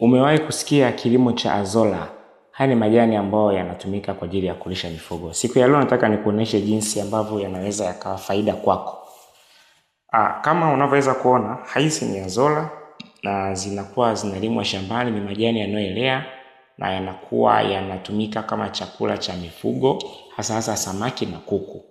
Umewahi kusikia kilimo cha Azolla? Haya ni majani ambayo yanatumika kwa ajili ya kulisha mifugo. Siku ya leo nataka nikuoneshe jinsi ambavyo yanaweza yakawa faida kwako. Aa, ah, kama unavyoweza kuona hizi ni Azolla na zinakuwa zinalimwa shambani. Ni majani yanayoelea na yanakuwa yanatumika kama chakula cha mifugo, hasa hasa samaki na kuku.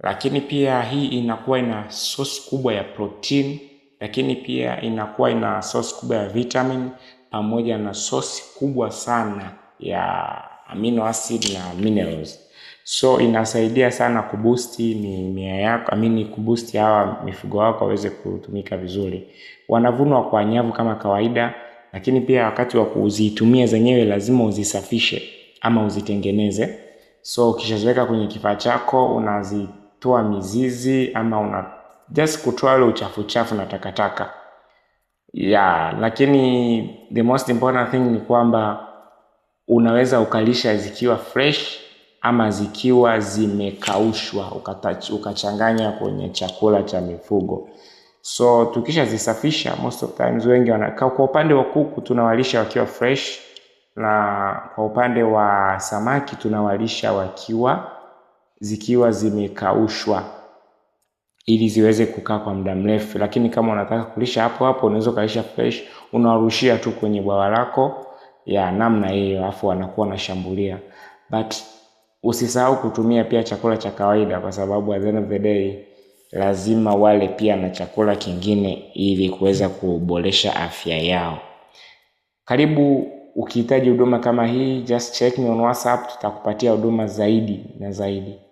Lakini pia hii inakuwa ina source kubwa ya protein lakini pia inakuwa ina source kubwa ya vitamin pamoja na sosi kubwa sana ya amino acid na minerals. So inasaidia sana kubusti mimea yako, amini kubusti hawa mifugo wako waweze kutumika vizuri. Wanavunwa kwa nyavu kama kawaida, lakini pia wakati wa kuzitumia zenyewe lazima uzisafishe ama uzitengeneze. So ukishaziweka kwenye kifaa chako unazitoa mizizi ama una just kutoa ile uchafu chafu na takataka yeah, lakini the most important thing ni kwamba unaweza ukalisha zikiwa fresh ama zikiwa zimekaushwa ukachanganya kwenye chakula cha mifugo. So zisafisha, most of times wengi wanakaa. Kwa upande wa kuku tunawalisha wakiwa fresh, na kwa upande wa samaki tunawalisha wakiwa zikiwa zimekaushwa ili ziweze kukaa kwa muda mrefu, lakini kama unataka kulisha hapo hapo unaweza ukalisha fresh, unawarushia tu kwenye bwawa lako ya namna hiyo, afu wanakuwa wanashambulia. But usisahau kutumia pia chakula cha kawaida, kwa sababu at the end of the day lazima wale pia na chakula kingine ili kuweza kuboresha afya yao. Karibu. Ukihitaji huduma kama hii, just check me on WhatsApp, tutakupatia huduma zaidi na zaidi.